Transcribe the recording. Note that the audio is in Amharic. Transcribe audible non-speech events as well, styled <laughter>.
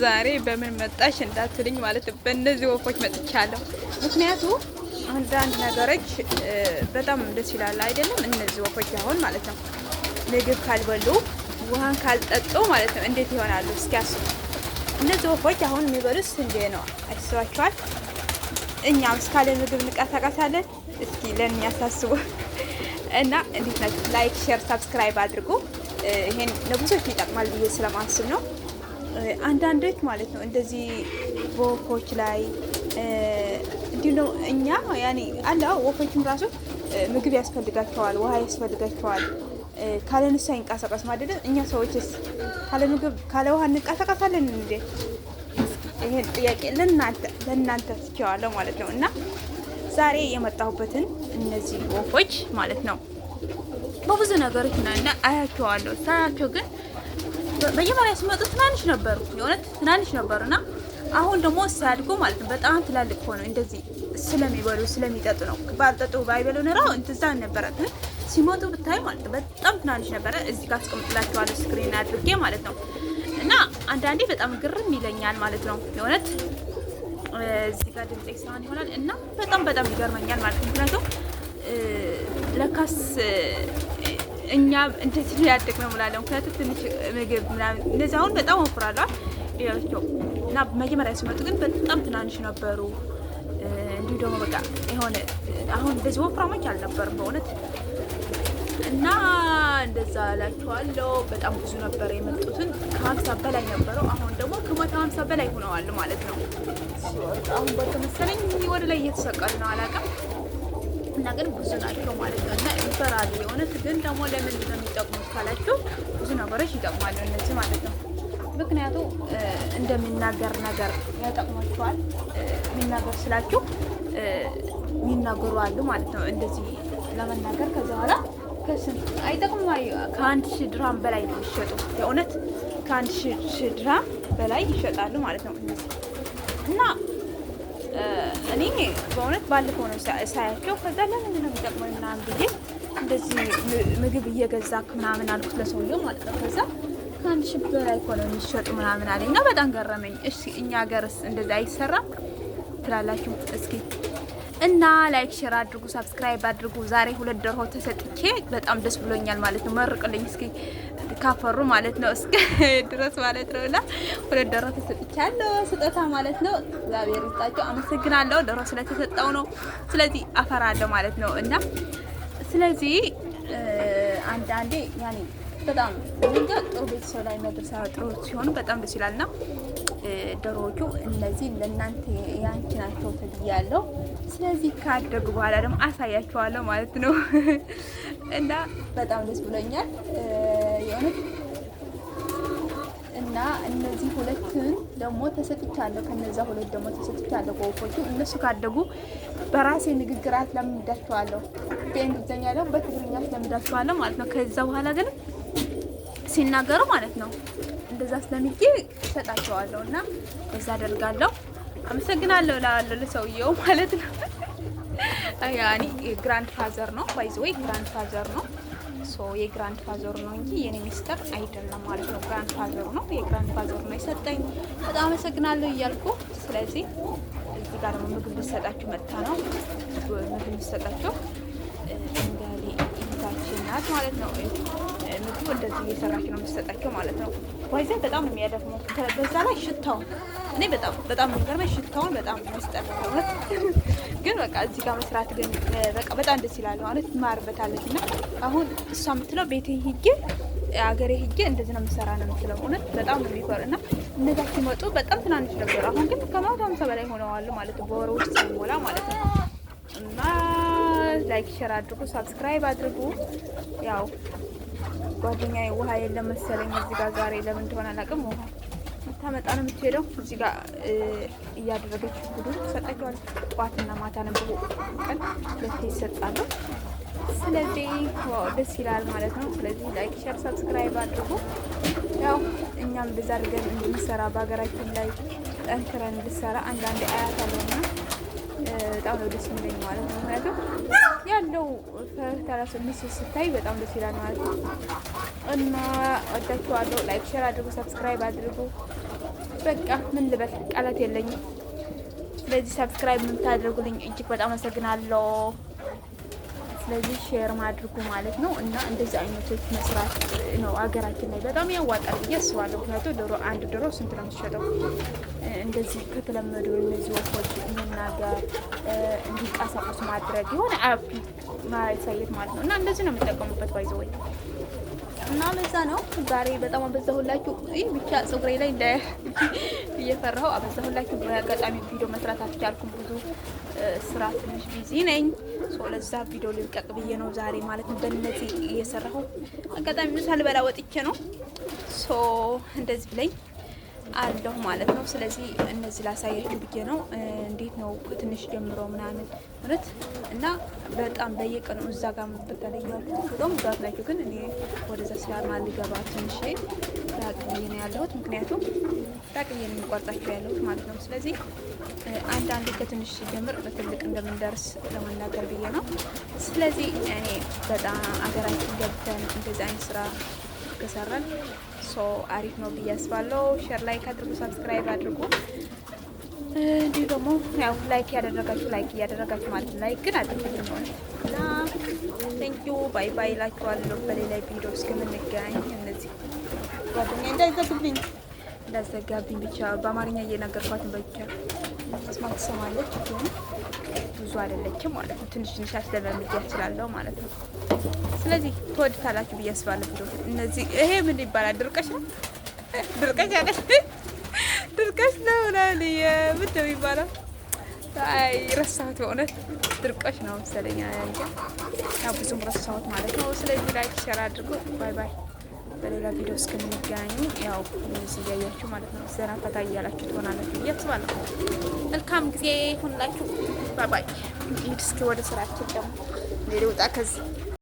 ዛሬ በምን መጣሽ እንዳትልኝ ማለት ነው። በእነዚህ ወፎች መጥቻለሁ። ምክንያቱ አንዳንድ ነገሮች በጣም ደስ ይላል አይደለም? እነዚህ ወፎች አሁን ማለት ነው ምግብ ካልበሉ ውሃን ካልጠጡ ማለት ነው እንዴት ይሆናሉ? እስኪ አስቡ። እነዚህ ወፎች አሁን የሚበሉት ስንዴ ነው። አስባችኋል? እኛም እስካለ ምግብ እንቀሳቀሳለን። እስኪ ለእኛ ያሳስቡ እና እንዴት ናቸው? ላይክ፣ ሼር፣ ሳብስክራይብ አድርጉ። ይሄን ለብዙዎች ይጠቅማል ብዬ ስለማስብ ነው። አንዳንዶች ማለት ነው እንደዚህ በወፎች ላይ እንዲሁ ነው እኛ ያኔ አለ ወፎችም ራሱ ምግብ ያስፈልጋቸዋል፣ ውሃ ያስፈልጋቸዋል። ካለ ንሳ ይንቀሳቀስ ማደለም እኛ ሰዎችስ ካለ ምግብ ካለ ውሃ እንቀሳቀሳለን እንዴ? ይሄን ጥያቄ ለእናንተ ትቼዋለሁ ማለት ነው። እና ዛሬ የመጣሁበትን እነዚህ ወፎች ማለት ነው በብዙ ነገሮች እና አያቸዋለሁ ሳያቸው ግን በየመሪያ ሲመጡ ትናንሽ ነበሩ፣ የእውነት ትናንሽ ነበሩ እና አሁን ደግሞ ሳያድጎ ማለት ነው በጣም ትላልቅ ሆነው እንደዚህ ስለሚበሉ ስለሚጠጡ ነው። ባልጠጡ ባይበሉ ኖሮ እንትዛ ነበረ፣ ግን ሲመጡ ብታይ ማለት ነው በጣም ትናንሽ ነበረ። እዚህ ጋር አስቀምጥላቸዋለሁ ስክሪን አድርጌ ማለት ነው። እና አንዳንዴ በጣም ግርም ይለኛል ማለት ነው የእውነት እዚህ ጋር ድምጽ ሳይሆን ይሆናል እና በጣም በጣም ይገርመኛል ማለት ነው። ምክንያቱም ለካስ እኛ እንደዚህ ነው ያደግነው እንላለን። ምክንያቱም ትንሽ ምግብ ምናምን እነዚህ አሁን በጣም ወፍራለሁ ያቸው እና መጀመሪያ ሲመጡ ግን በጣም ትናንሽ ነበሩ። እንዲሁ ደግሞ በቃ የሆነ አሁን እንደዚህ ወፍራሞች አልነበርም በእውነት እና እንደዛ እላችኋለሁ። በጣም ብዙ ነበረ የመጡትን ከሀምሳ በላይ ነበረው። አሁን ደግሞ ከመቶ ሀምሳ በላይ ሆነዋል ማለት ነው። አሁን በተመሰለኝ ወደ ላይ እየተሰቀሉ ነው አላውቅም እና ግን ብዙ ናቸው ማለት ነው። እና ይፈራሉ የእውነት ግን ደግሞ ለምንድን ነው የሚጠቅሙት ካላችሁ ብዙ ነገሮች ይጠቅማሉ እነዚህ ማለት ነው። ምክንያቱ እንደሚናገር ነገር ያጠቅማቸዋል። የሚናገር ስላችሁ የሚናገሩ አሉ ማለት ነው። እንደዚህ ለመናገር ከዚ በኋላ ከስንት አይጠቅሙ ከአንድ ሺ ድራም በላይ ነው ይሸጡ። የእውነት ከአንድ ሺ ድራም በላይ ይሸጣሉ ማለት ነው እና እኔ በእውነት ባለፈው ነው ሳያቸው፣ ከዛ ለምንድን ነው የሚጠቅመኝ ምናምን ብዬ እንደዚህ ምግብ እየገዛ ምናምን አልኩት ለሰውየው ማለት ነው። ከዛ ከአንድ ሺህ በላይ እኮ ነው የሚሸጡ ምናምን አለኝ እና በጣም ገረመኝ። እሺ እኛ ሀገርስ እንደዚህ አይሰራም ትላላችሁ? እስኪ እና ላይክ ሼር አድርጉ፣ ሰብስክራይብ አድርጉ። ዛሬ ሁለት ዶሮ ተሰጥቼ በጣም ደስ ብሎኛል ማለት ነው። መርቅልኝ እስኪ ካፈሩ ማለት ነው እስከ <laughs> ድረስ ማለት ነው። እና ሁለት ዶሮ ተሰጥቻለሁ ስጦታ ማለት ነው። እግዚአብሔር ይስጣቸው። አመሰግናለሁ። ዶሮ ስለተሰጠው ነው። ስለዚህ አፈራለሁ ማለት ነው። እና ስለዚህ አንዳንዴ ያኔ በጣም እንጃ ጥሩ ቤተሰብ ላይ መድረሳ ጥሩ ሲሆኑ በጣም ደስ ይላል። እና ዶሮዎቹ እነዚህ ለእናንተ ያንቺ ናቸው ተብያለሁ። ስለዚህ ካደጉ በኋላ ደግሞ አሳያችኋለሁ ማለት ነው። <laughs> እና በጣም ደስ ብሎኛል የእውነት እና እነዚህ ሁለትን ደግሞ ተሰጥቻለሁ። ከነዛ ሁለት ደግሞ ተሰጥቻለሁ። ወፎቹ እነሱ ካደጉ በራሴ ንግግራት ለምዳቸዋለሁ፣ በእንግሊዝኛ ደግሞ በትግርኛ ለምዳቸዋለሁ ማለት ነው። ከዛ በኋላ ግን ሲናገሩ ማለት ነው። እንደዛ ስለሚቄ ሰጣቸዋለሁ እና በዛ አደርጋለሁ። አመሰግናለሁ እላለሁ ለሰውየው ማለት ነው። ያኔ ግራንድ ፋዘር ነው ባይ ዘ ወይ ግራንድ ፋዘር ነው ሶ የግራንድ ፋዘር ነው እንጂ የኔ ሚስተር አይደለም ማለት ነው። ግራንድ ፋዘር ነው የግራንድ ፋዘር ነው የሰጠኝ። በጣም አመሰግናለሁ እያልኩ ስለዚህ እዚህ ጋር ደግሞ ምግብ ልሰጣችሁ መጥታ ነው ምግብ ልሰጣችሁ እናት ማለት ነው ምግቡ እንደዚህ እየሰራች ነው የምትሰጣቸው ማለት ነው። ዋይዛ በጣም ነው የሚያደፍመው። በዛ ላይ ሽታውን እኔ በጣም በጣም የሚገርመኝ ሽታውን በጣም መስጠት ማለት ግን በቃ እዚህ ጋር መስራት ግን በቃ በጣም ደስ ይላል ማለት ማርበታለች። እና አሁን እሷ የምትለው ቤቴ ህጌ አገሬ ህጌ እንደዚህ ነው የምሰራ ነው የምትለው። እውነት በጣም ነው የሚኮር እና እነዛ ሲመጡ በጣም ትናንሽ ነበሩ። አሁን ግን ከመቶ ሀምሳ በላይ ሆነዋሉ ማለት ነው። በወር ውስጥ ሲሞላ ማለት ነው እና ላይክ ሼር አድርጉ፣ ሰብስክራይብ አድርጉ። ያው ጓደኛዬ ውሃ የለም መሰለኝ እዚህ ጋር ዛሬ ለምን እንደሆነ አላውቅም። ውሃ መታመጣ ነው የምትሄደው እዚህ ጋር እያደረገች ጉዱ ሰጣቸዋል። ጠዋትና ማታ ነበር ቀን ሁለቴ ይሰጣሉ። ስለዚህ ደስ ይላል ማለት ነው። ስለዚህ ላይክ ሼር ሰብስክራይብ አድርጉ። ያው እኛም ብዛ አድርገን እንድንሰራ በሀገራችን ላይ ጠንክረን እንድሰራ አንዳንድ አያት አለውና በጣም ነው ደስ የሚለኝ ማለት ነው። ምክንያቱም ያለው ፈገግታ ራሱ እነሱ ስታይ በጣም ደስ ይላል ማለት ነው። እና ወዳችኋለሁ። ላይክ፣ ሼር አድርጉ፣ ሰብስክራይብ አድርጉ። በቃ ምን ልበል ቃላት የለኝም። ስለዚህ ሰብስክራይብ የምታደርጉልኝ እጅግ በጣም አመሰግናለሁ። ስለዚህ ሼር ማድርጉ ማለት ነው እና እንደዚህ አይነቶች መስራት ነው አገራችን ላይ በጣም ያዋጣል ብዬ አስባለሁ። ምክንያቱም ዶሮ አንድ ዶሮ ስንት ነው የምትሸጠው? እንደዚህ ከተለመዱ እነዚህ ወፎች መናገር፣ እንዲንቀሳቀሱ ማድረግ የሆነ አፕ ማሳየት ማለት ነው እና እንደዚህ ነው የምጠቀሙበት ባይዘወይ እና ለዛ ነው ዛሬ በጣም አበዛሁላችሁ። ይህ ብቻ ፀጉሬ ላይ እንደ <laughs> እየፈራሁ አበዛሁላችሁ። በአጋጣሚ ቪዲዮ መስራት አልቻልኩም። ብዙ ስራ ትንሽ ቢዚ ነኝ። ለዛ ቪዲዮ ልልቀቅ ብዬ ነው ዛሬ ማለት ነው። በነዚህ እየሰራሁ አጋጣሚ ሳልበላ ወጥቼ ነው እንደዚህ ብለኝ አለሁ ማለት ነው። ስለዚህ እነዚህ ላሳያችሁ ብዬ ነው። እንዴት ነው ትንሽ ጀምሮ ምናምን እውነት እና በጣም በየቀኑ እዛ ጋር ምበተለያለሁ ብሎም ዛት ናቸው። ግን እኔ ወደዛ ስላማ ልገባ ትንሽ ራቅዬ ነው ያለሁት፣ ምክንያቱም ራቅዬ ነው የሚቆርጣቸው ያለሁት ማለት ነው። ስለዚህ አንዳንዴ ከትንሽ ጀምር በትልቅ እንደምንደርስ ለመናገር ብዬ ነው። ስለዚህ እኔ በጣም አገራችን ገብተን እንደዚህ አይነት ስራ ከሰራን ሶ አሪፍ ነው ብዬ አስባለሁ። ሼር ላይክ አድርጉ፣ ሰብስክራይብ አድርጉ። እንዲሁ ደግሞ ያው ላይክ ያደረጋችሁ ላይክ እያደረጋችሁ ማለት ነው። ላይክ ግን አድርጉት ነው እና ቴንኪዩ ባይ ባይ ላችኋለሁ። በሌላ ቪዲዮ እስከምንገናኝ እነዚህ ጓደኛ እንዳይዘግብኝ እንዳዘጋብኝ ብቻ በአማርኛ እየነገርኳትን ብቻ መስማት ትሰማለች። ብዙ አይደለችም ማለት ነው። ትንሽ ትንሽ አስለመምጃ እችላለሁ ማለት ነው። ስለዚህ ትወድታላችሁ ብዬ አስባለሁ። እነዚህ ይሄ ምን ይባላል? ድርቀሽ ነው ድርቀሽ አለ ድርቀሽ ነው ላል ምን ነው ይባላል? አይ ረሳሁት፣ በእውነት ድርቀሽ ነው መሰለኝ። ያ ብዙም ረሳሁት ማለት ነው። ስለዚህ ላይክ ሸር አድርጉ። ባይ ባይ በሌላ ቪዲዮ እስከምንገናኙ ያው እያያችሁ ማለት ነው ዘና ፈታ እያላችሁ ትሆናላችሁ ብዬ አስባለሁ። መልካም ጊዜ ሁንላችሁ። ባባይ ይሄድ እስኪ ወደ ስራችን ደግሞ ሌሌ ወጣ ከዚህ